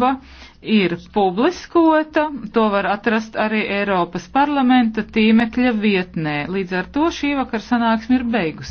darbība ir publiskota, to var atrast arī Eiropas parlamenta tīmekļa vietnē. Līdz ar to šī vakar sanāksme ir beigusies.